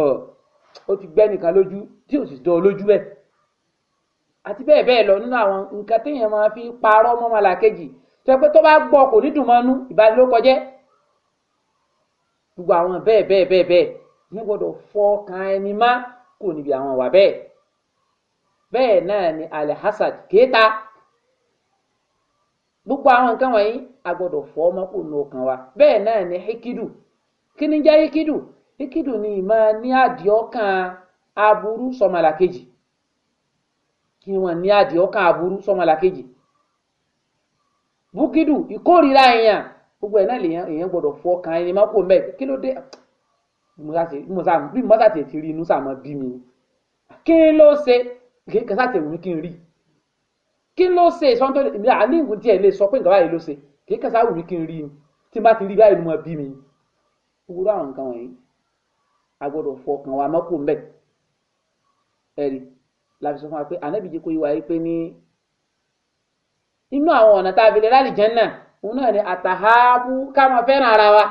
ó ti gbẹ́ nìkan lójú tí ò sì dán lójú bẹ́ẹ̀. àti bẹ́ẹ̀ bẹ́ẹ̀ lọ nínú àwọn nǹkan téèyàn máa fi parọ́ mọ́ ọmọlàkejì tó yẹ pé tó bá gbọ́ kò ní dùn mọ́ nú ìbanilókọjẹ́ gbogbo àwọn bẹ́ẹ̀ bẹ́ẹ̀ bẹ́ẹ̀ bẹ́ẹ̀ ní gbọ́dọ̀ fọkàn ẹni má kò níbi àwọn wà bẹ́ẹ̀ bẹ́ẹ̀ náà ni alhasad kéta gbogbo àwọn nǹkan wọ̀nyí a gbọ́dọ̀ fọ́ ọmọ kò nù ọkàn wa bẹ́ẹ̀ náà ni hikidu kí ni jẹ́ hikidu hikidu ni ìmọ̀ ní àdìọ́kàn aburú sọmọlàkejì kí wọn ní àdìẹ ọkàn aburú sọmọlàkejì búkídù ìkórìíra èèyàn gbogbo ẹ náà lèèyàn èèyàn gbọ́dọ̀ fọ ọkàn ẹni má kó mẹ kí ló dé bí mo sàtẹ ti rí inú sàmọ bí mi kí ló ṣe kí sàtẹ wù mí kí n rí kí ló ṣe sọ́ńtò àníwò díẹ̀ lè sọ pé nǹkan báyìí ló ṣe kì í kàṣà wù mí kí n rí i tí n bá ti rí báyìí ni mo bí mi wúrọ̀ àwọn nǹkan wọ̀nyí a gbọ́dọ̀ fọkàn wa mọ́kù mbẹ́ ẹ̀rí la fi sọ fún wa pé ànábì jẹ́ kó yí wa yí pé ní inú àwọn ọ̀nà tá a fi lè rálì jánnà òun náà ni àtàhábú ká máa fẹ́ràn ara wa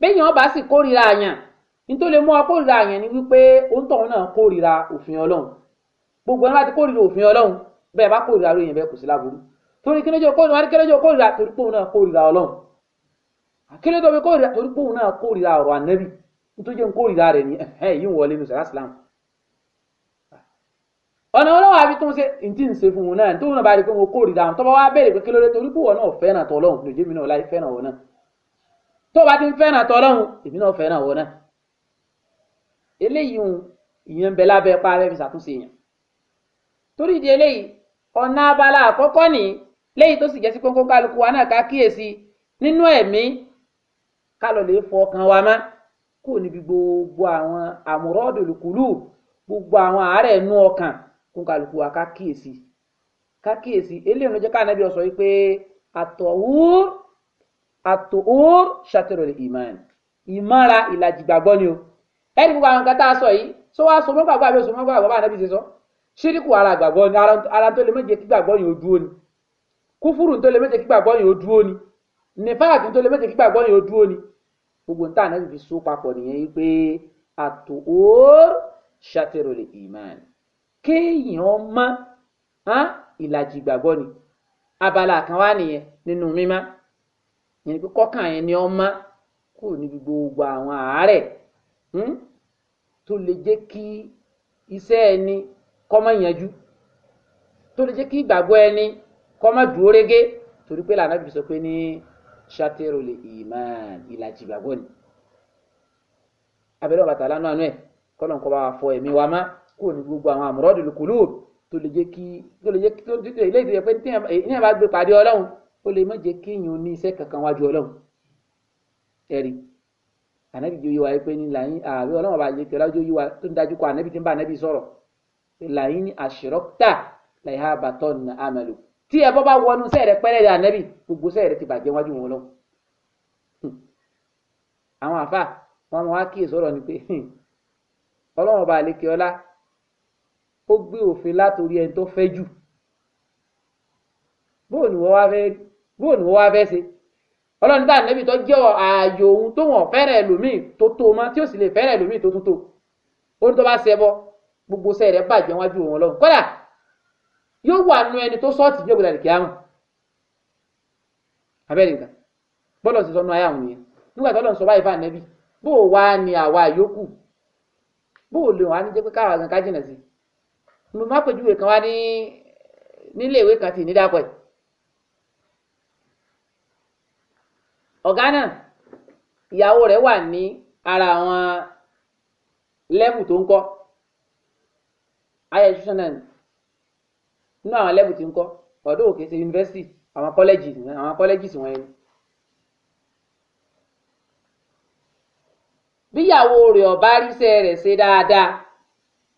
béèyàn bá sì kórìíra àyàn nítorí lè mú ọ kórìíra àyàn ni wípé òǹtọ̀hún náà kórìíra òfin ọlọ́run gbogbo ẹni bá ti kórìíra òfin ọlọ́run bẹ́ẹ̀ bá kórìíra lóyìn bẹ́ẹ̀ kò sí láburú torí kí lójú kórìíra wọn kí lójú kórìíra torí pé òun náà kórìíra ọlọ́run àkílódé omi kórìíra torí pé òun náà kórìíra ọ̀rọ̀ ànábì nítorí jẹ́ nkórìíra rẹ̀ ni yìí ń wọlé ní sàrà islam ọ̀nà ọlọ́wọ́ àbí tó ń ṣe ntí ń ṣe fún un náà tó ń bá rí pé mo kórìíra àwọn tọ́ba wá béèrè pé kí ló dé torí púpọ̀ náà fẹ́ràn tọ́lọ́hún lòdì èmi náà láì fẹ́ràn wọn náà tó bá ti ń fẹ́ràn tọ́lọ́hún èmi náà fẹ́ràn wọn náà eléyìí ń ìyẹn ń bẹ lábẹ́ pa abẹ́ fi ṣàtúnṣe yẹn torí ìdí eléyìí ọ̀nà abala àkọ́kọ́ nìyí léyìí tó sì jẹ́ sí pé kálukú wa náà ká nínú ẹ̀mí ká lè fọ ọkàn wa mọ́ kúrò níbi gbogbo àwọn àmúrọ́dùlùkúlù gbogbo àwọn àárẹ̀ inú ọkàn kó kálukú wa ká kíyèsí ká kíyèsí eléyìí ló jẹ́ ká ànábì sọ wípé àtọ̀húr àtọ̀húr ṣàtẹ̀rọ̀ ìmánì ìmára ìlàjì gbàgbọ́ ni o ẹni gbogbo àwọn nǹkan tá a sọ yìí sọ wá sọmọ gbàgbọ́ àbí sọmọ gbàgbọ́ bá ànábì ṣe sọ ṣíríkù ara gbàgbọ́ ni ara tó lè méje kí gbàgbọ́ yìí ó dúró ni kúfúrù tó lè méje kí gbàgbọ́ yìí ó dúró ni nífààtì tó lè méje kí gbàgbọ́ yìí ó dúró ni gbogbo nta anabi fi so papọ̀ nìyẹn wípé àtòór ṣàtẹrọlẹ iman kéèyàn mọ ìlàjì ìgbàgbọ́ ni abala kan wà nìyẹn nínú mímá yẹn pé kọkàn yẹn ni ọ mọ kò níbi gbogbo àwọn àárẹ̀ hmm, tó lè jẹ́ kí iṣẹ́ ẹni kọmọ yanjú tó lè jẹ́ kí ìgbàgbọ́ ẹni kọmọ dúró torí pé lànà bí sọ pé ní ṣàtẹrù lè ìmáàn ìlàjì ìgbàgbọ́ ni abẹ́rẹ́ bàtà lánàá ẹ̀ kọ́nà kọ́ bá wa fọ ẹ̀mí wa má kúrò ní gbogbo àwọn àmúrọ́dùn kùlù tó lè jẹ́ kí tó lè jẹ́ kí tó títí ilé ìdíyẹ pé ní àbá gbé pàdé ọlọ́run ó lè má jẹ́ kéèyàn ní iṣẹ́ kankan wájú ọlọ́run ẹ̀rí ànábì jó yíwa pé ní làyín ààrẹ ọlọ́run bá jẹ́ tẹ̀lá jó yíwa tó ń dájú kọ ànábì tí ń bá ànábì sọ̀rọ̀ làyín àṣírọ́kítà làyín àbàtọ́ nà àmàlù tí ẹbọ bá wọnú sẹẹrẹ pẹrẹrẹ ànẹbì gbogbo sẹẹrẹ ti bàjẹ́ wájú wọn lọ hmm. àwọn àfa wọn máa wá kíyè sọ̀rọ̀ ni pé hmm, Ọlọ́run ọba àlekè ọlá ó gbé òfin látòrí ẹni tó fẹ́ jù bóò ni wọ́n wá fẹ́ bóò ni wọ́n wá fẹ́ ṣe Ọlọ́run tá ànẹbì tó jẹ́ ààyò ohun tó wọ́n fẹ́rẹ̀ lòmíì tó tó mọ́ tí ó sì lè fẹ́rẹ̀ lòmíì tó tó tó ó ní tó bá ṣẹbọ gbogbo sẹẹrẹ bàjẹ́ wájú wọn lọ yóò wà nù ẹni tó sọ́ọ̀tì ní ògbódà nìkẹ́ àmọ́ abẹ́rẹ́ nǹkan bọ́lọ̀ sì sọnù ayé àwọn yẹn nígbà tó lọ́n sọ báyìí fáà nẹ́bí bó o wá ní àwa yòókù bó o lè wá ní jẹ́ pé káwa gan ká jìnà sí mo má pèjúwe kan wá ní nílé ìwé kan tì ní dàpọ̀ ọ̀gá náà ìyàwó rẹ̀ wà ní ara àwọn lẹ́mù tó ń kọ́ ayé ìṣúná náà nínú àwọn lẹ́bù tí ń kọ́ ọ̀dọ́ òkè ṣe yunifásitì àwọn kọ́lẹ́jì àwọn kọ́lẹ́jì sì wọ́n yẹn. bíyàwó rẹ̀ ọ̀bá ríṣẹ́ rẹ̀ ṣe dáadáa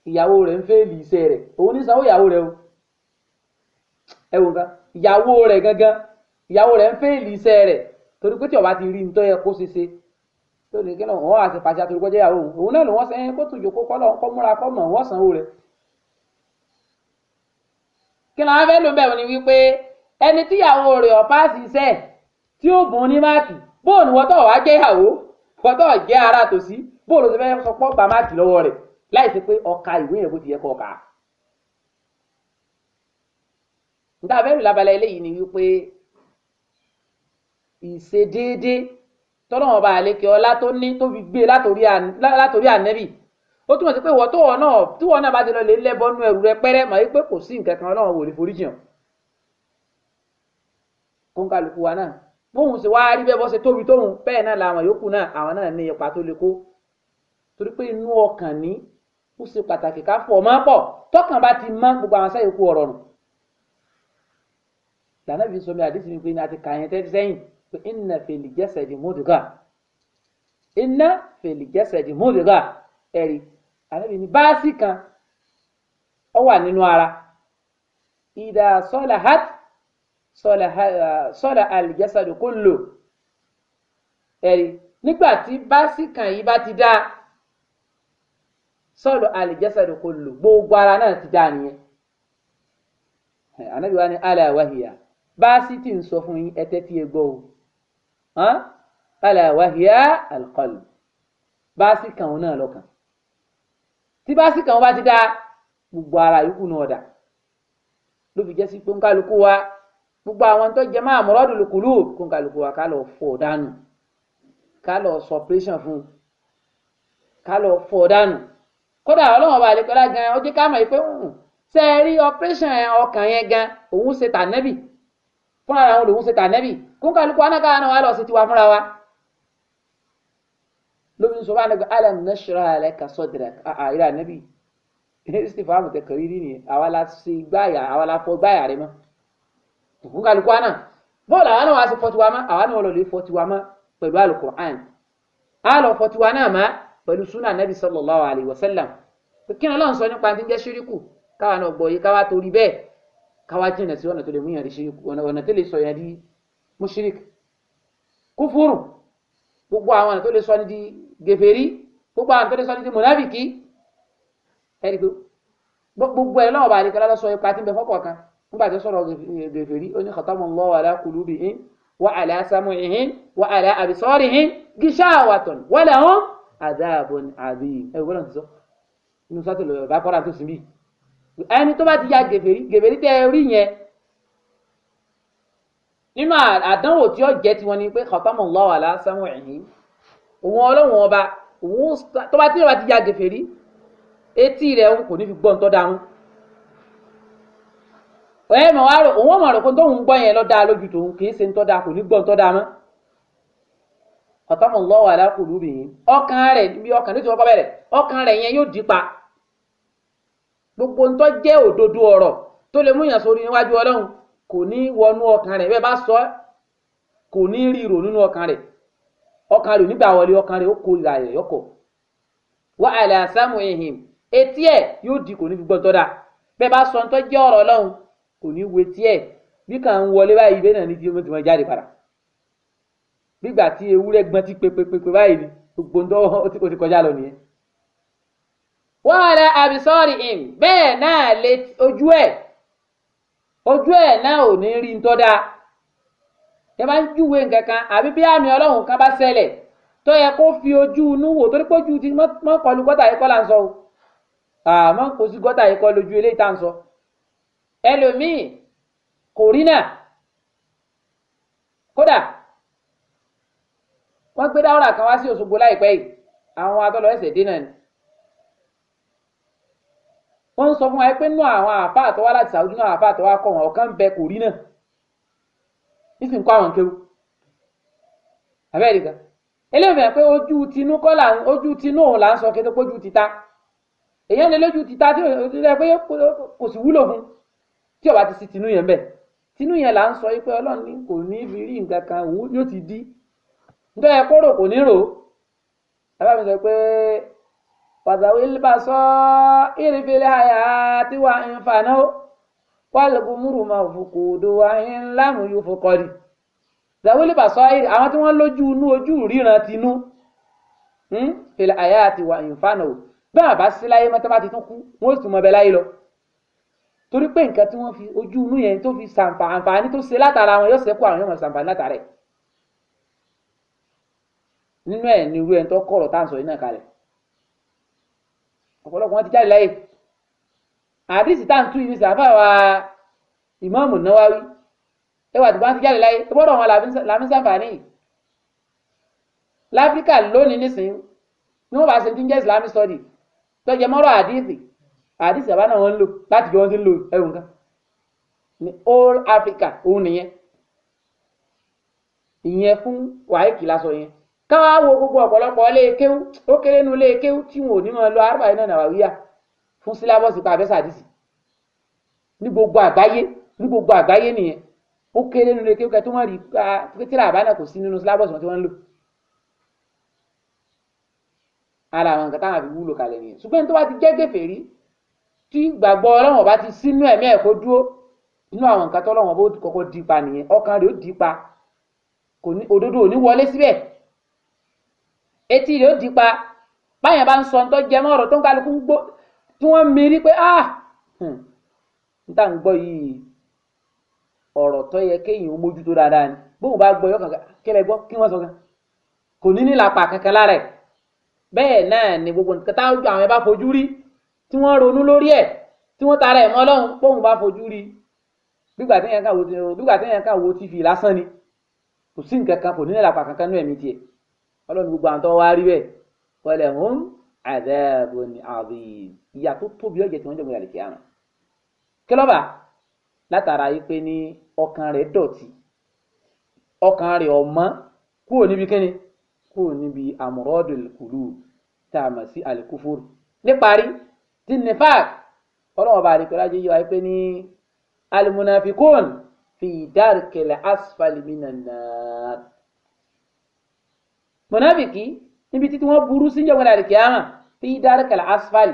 ìyàwó rẹ̀ ń fẹ́ẹ̀lì iṣẹ́ rẹ̀ òun ní sanwó ìyàwó rẹ̀ o ẹ wò gan ìyàwó rẹ̀ gangan ìyàwó rẹ̀ ń fẹ́ẹ̀lì iṣẹ́ rẹ̀ torí pé tí ọba ti rí nítorí ẹ kó ṣe ṣe tó lè gẹ́nà wọ́n àti pàṣẹ àtòrí kọjá ìyàwó òun náà ló wọ́n sẹ́yìn kó tún jòkó kọ́ lọ́wọ́ kọ́ múra kọ́ mọ̀ wọ́n sanwó rẹ̀ kí ni àwọn fẹ́ lò bẹ́ẹ̀ ni wípé ẹni tíyàwó rẹ̀ ọ̀pá ṣiṣẹ́ tí ó bùn ní máàkì bóòlù wọ́tọ̀ wá jẹ́ ìyàwó wọ́tọ̀ jẹ́ ara tòsí bóòlù tó fẹ́ sọpọ́ gba máàkì lọ́wọ́ rẹ̀ láì sí pé ọ̀ka ìwé yẹn bó ti yẹ kọ́ ọ̀ka. níta fẹ́ lò lábalẹ̀ eléyìí ni wípé ìṣedéédé tọ́lọ́mọba àlekè ọlá tó ní tó fi gbé látòrí ànẹ́bì ó túmọ̀ sí pé ìwọ tó wọn náà tí wọn náà bá ti lọ lè lẹ́bọ́nú ẹrù rẹ pẹ́rẹ́ mọ̀ wípé kò sí nǹkan kan ọlọ́run wò lè forí jìn kó ń kálukú wa náà bóun sì wáá rí bẹ́ẹ̀ bọ́ ṣe tóbi tóun bẹ́ẹ̀ náà làwọn yòókù náà àwọn náà ní ipa tó le kó torí pé inú ọkàn ní ó ṣe pàtàkì ká fọ ọmọ pọ̀ tọkàn bá ti mọ gbogbo àwọn sẹ́yìn kú ọ̀rọ̀ rùn lànà sọmi àdìsí mi pé ní a ti tẹ́tí sẹ́yìn pé iná fèlì jẹ́sẹ̀ di mọ́dùgà iná fèlì jẹ́sẹ̀ di mọ́dùgà ẹ̀rí àlẹ́bí ni báàsì kan ó wà nínú ara ìdá sọlahat sọlá al-jasadu kullu ẹ̀rí nígbà tí báàsì kan yìí bá ti dá sọlá al-jasadu kullu gbogbo ara náà ti dá nìyẹn ànábì ni ala wahiya tí ń sọ fún yín ẹ tẹ́tí ẹ gbọ́ o ala wahiya al kan òun náà lọ́kàn. tí báàsì kan bá ti dá gbogbo ara yòókù náà dà ló fi jẹ́ sí pé nkálukú wa gbogbo àwọn tó jẹ máa mọ̀rọ́dù lùkùlù kó nkálukú wa ká lọ fọ̀ dànù ká lọ sọpírẹ́sàn fún un ká lọ fọ̀ dànù kódà ọlọ́wọ́n bá lè pẹ́ ó jẹ́ ká mọ̀ pé hmm, ṣe é rí ọkàn yẹn gan òun ṣe tànẹ́bì fúnra àwọn tiwa fúnra wa. lóbi sọ fún anabi alam nashra laka sadrak àà ìlà anabi istifamu tẹ kàrí rí nìyẹn àwa la ṣe gbáyà àwa la fọ gbáyà rẹ mọ òkú kálukú àná bọ́ọ̀lù àwa náà wá sí fọtiwa mọ́ àwa náà lọ́ọ́ lè fọtiwa mọ́ pẹ̀lú alukur'an á lọ fọtiwa náà mọ́ pẹ̀lú sunna anabi sallallahu alayhi wa sallam kí ni ọlọ́run sọ nípa ti ń jẹ́ ṣíríkù káwa náà gbọ́ yìí káwa torí bẹ́ẹ̀ káwa jìnnà sí ọ̀nà tó lè mú yàn ṣíríkù ọ̀nà tó lè sọ yàn di mushrik kúfúrù gbogbo àwọn àna tó lè sọ ni di gèfèrí gbogbo àwọn tó lè sọ ni di mùnàbìkì ẹni pé gbogbo ẹ lọ́wọ́ bá àdìkẹ́ lọ́wọ́ sọ ipa tí ń bẹ fọ́kọ̀ kan nígbà tó sọ̀rọ̀ gèfèrí ó ní khatamallahu ala qulubihim wa ala sam'ihim wa ala nínú àdánwò tí ó jẹ́ tiwọn ni pé kọtọmọ lọwọ aláṣẹwọ ẹyìn òun Ọlọ́run ọba òun tó bá tí ìrọba ti ya gèfèrí etí rẹ̀ òun kò ní fi gbọ́ ń tọ́ dáhùn ẹ mọ̀ wá rò òun ọmọ rò pé tóun gbọ́ yẹn lọ́dá lójú tòun kì í ṣe ń tọ́ da kò ní gbọ́ ń tọ́ da mọ́ ọ̀tọ́mọ̀ lọ́wọ́ alákùlù bìyìn ọkàn rẹ̀ bí ọkàn ló ti wọ́pọ̀ bẹ̀rẹ̀ ọkàn rẹ̀ yẹn yóò dì pa gbogbo ń tọ́ kò ní wọnú ọkàn rẹ̀ bá sọ kò ní rí ìrò nínú ọkàn rẹ̀ ọkàn rẹ̀ nígbà wọlé ọkàn rẹ̀ ó kó ìlà yọkọ̀ wà á lè àsámù ìhìn etí ẹ̀ yóò di kò ní gbogbo sọ tó ọrọ kò ní wo etí bí ń wọlé báyìí náà ní jáde padà nígbà tí ti pepepepe báyìí ni gbogbo bẹ́ẹ̀ náà ojú ẹ̀ náà ò ní rí tó dáa ẹ máa ń júwe nǹkan kan àbí bí àmì ọlọ́run kan bá ṣẹlẹ̀ tó yẹ kó fi ojú inú wò torí pé ojú ti mọ́ gọ́tà yìí kọ́ là ń sọ o àmọ́ kò sí gọ́tà yìí kọ́ lójú eléyìí tá à ń sọ ẹlòmíì kò rí náà kódà wọ́n gbé dáwọ́rà kan wá sí Òṣogbo láìpẹ́ yìí àwọn atọ́lọ́ ẹ̀sẹ̀ dé náà ni wọ́n ń sọ fún wa pé nínú àwọn àfa láti Saudi nínú àwọn àfa àtọwá kọ bẹ kò rí náà nísìnyí kọ àwọn kéwu abẹ́rẹ́ eléyìí fẹ́ pé ojú tinú kọ́ là ń ojú tinú òun là ń sọ kété pójú ti ta èèyàn lè lójú ti ta tí òun lè pé kò sì wúlò fún tí fàdáwìl bàṣọ ìrìfìlẹ àyà tí wà ń faná wàlùkùmùrù máa fòkò odò wà ń láàmú yóò fòkọ ni fàdáwìl bàṣọ ìrì àwọn tí wọn lójú inú ojú ríran tinú hmm, fìlẹ àyà tí wà ti tún kú wọ́n sì tún mọ ọbẹ̀ láyé lọ torí pé nǹkan tí fi ojú inú yẹn tó fi ṣàǹfààní tó ṣe látara wọn yóò ṣẹ́kù àwọn yóò mọ̀ ṣàǹfààní látara ẹ̀ nínú ẹ̀ ni irú ẹ̀ tó kọ̀rọ̀ tá à ń sọ yìí náà kalẹ̀ ọ̀pọ̀lọpọ̀ wọn ti jáde láyè àdìsí tá à ń tú yìí ní sàfàwà ìmáàmù Nawawi ẹwà tí wọn ti jáde láyè gbọ́dọ̀ wọn làmí sàǹfààní láfíríkà lónìí nísìnyí ni wọn bá ṣe ti ń jẹ Islamic study tó jẹ mọ́rọ̀ àdìsí àdìsí àbá náà wọn ń lò láti jọ wọn ti ń lò ẹrù nǹkan ní all Africa òun nìyẹn ìyẹn fún wàhíkì lásọ yẹn ká wá wo gbogbo ọ̀pọ̀lọpọ̀ ilé kéwú ó kéré nu ilé kéwú tí wọn ò ní máa lọ arúgbó iná nàwáwíyà fún sílábọ̀sì pa àbẹ́sà àdìsí ní gbogbo àgbáyé ní gbogbo àgbáyé nìyẹn ó kéré nu ilé kéwú kẹ tó wọn rí ká tíra àbánà kò sí nínú sílábọ̀sì wọn tí wọn ń lò ara àwọn nǹkan táwọn àfi wúlò kalẹ̀ nìyẹn ṣùgbọ́n tó bá ti jẹ́ gèfèrí tí gbàgbọ́ ọlọ́wọ́n bá ti sínú ẹ̀mí ẹ̀ etí rẹ̀ ó di pa báyẹn bá ń sọ tó jẹ mọ́ ọ̀rọ̀ tó ń kálukú ń gbó tí wọ́n ń mirí pé ah hmm. n tá à gbọ́ yìí ọ̀rọ̀ tó yẹ kéèyàn ó mójútó dáadáa ni bóun bá gbọ́ yọkàn kílẹ̀ gbọ́ kí wọ́n sọ kan kò ní nílapa kankan lára bẹ́ẹ̀ náà ni gbogbo nǹkan táwọn àwọn ẹ bá fojú rí tí wọ́n ronú lórí ẹ̀ tí wọ́n tara ẹ̀ mọ́ ọlọ́run bóun bá fojú rí gbígbà téèyàn kàn wo tífì lásán ni kò sí nǹkan kan kò ní nílapa kankan nú ẹ̀mí tiẹ̀ ọlọ́run gbogbo àwọn tó wá rí bẹ́ẹ̀ wọlé hum adhabun adhim ìyà tó tóbi ọ̀jẹ̀ tí wọ́n jẹ̀mú ìyàlẹ̀ kíámà kílọ́bà látara yìí pé ní ọkàn rẹ̀ dọ̀tí ọkàn rẹ̀ ọ̀mọ́ kúrò níbi kíni kúrò níbi amradul qulub tá a mọ̀ sí al níparí ti nifaq ọlọ́wọ́n bá rí pé lájẹ́ yìí wáyé pé ní al fi darkil asfali minan mọ̀nàbìkì níbi títí wọ́n burú sí ìjọba àlìkíyàmà fi dárìkàlà asfal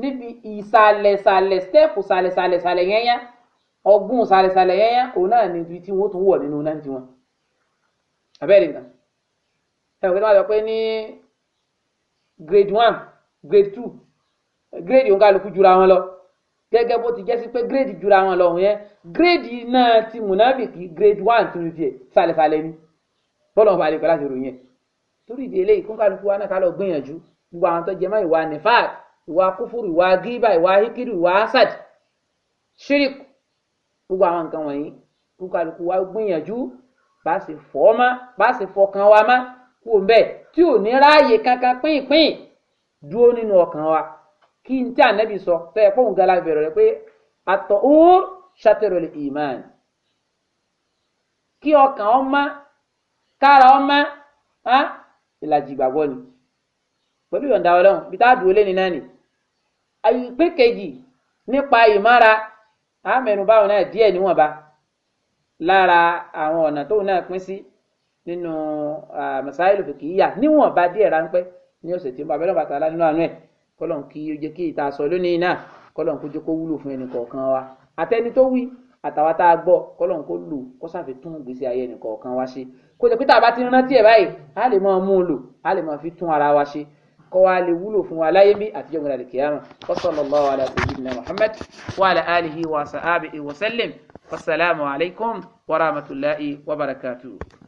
níbi ìsàlẹ̀sàlẹ̀ stẹ́ẹ̀pù sàlẹ̀sàlẹ̀sàlẹ̀ yẹnyẹn ọgbọ́n sàlẹ̀sàlẹ̀ yẹnyẹn òun náà níbi tí wọ́n tún wọ̀ nínú náà tiwọn. abẹ́rẹ́ nǹkan ẹ̀rọ kí wọ́n sọ pé ní grade one grade two grade òun kálukú jura wọn lọ gẹ́gẹ́ bó ti jẹ́ pé grade jura wọn lọ òun yẹn grade náà ti mùnàbìkì grade one tún fi ẹ̀ sàlẹ̀sàlẹ̀ ni bọ́lọ̀ wọn bá lè pẹ́ láti torí ìdí eléyìí fún kálukú wa náà ká lọ gbìyànjú gbogbo àwọn tó jẹmọ́ ìwà nifaq ìwà kúfúrú ìwà gíbà ìwà hikiru ìwà asad shirik gbogbo àwọn nǹkan wọ̀nyí fún kálukú wa gbìyànjú bá sì fọ́ má bá sì fọkàn wa má kú òǹbẹ tí ò ní ráàyè kankan pínpín dúró nínú ọkàn wa kí n tí ànábì sọ tẹ ẹ pọ gala bẹ̀rẹ̀ rẹ pé àtọ òun ṣàtẹrọlẹ ìmán kí ọkàn ọmọ kára ọmọ ìlàjì ìgbàgbọ́ ni pẹ̀lú ìyọ̀ǹda ọlọ́run bí tá a dúró lé ní náà nì àyùpé kejì nípa ìmára àmẹnu báwọn náà díẹ̀ níwọ̀nba lára àwọn ọ̀nà tóun náà pín sí nínú masáìlì fìkìyà níwọ̀nba díẹ̀ ráńpẹ́ ní ọ̀sẹ̀ tí ń bọ̀ abẹ́rẹ́ bàtà alá nínú àánú ẹ̀ kọ́lọ̀n kí ó jẹ́ kí ìta sọ lónìí náà kọ́lọ̀n kó jẹ́ kó wúlò fún ẹnì kọ̀ọ̀kan wa àtẹni tó wí àtàwọn tá a gbọ́ kọ́lọ̀n kó lù kó ṣàfikún ìgbésí ayé ẹnì kọ̀ọ̀kan wa ṣe kó jẹ́ pé tá a bá ti rántí ẹ̀ báyìí a lè máa mú un lò a lè máa fi tún ara wa ṣe kó wa lè wúlò fún wa láyé bí àtijọ́ ìgbàlá lè kíyàmù sallallahu ala sayyidina Muhammad wa ala alihi wa sahbihi wa sallam alaykum wa rahmatulahi wa barakatuh.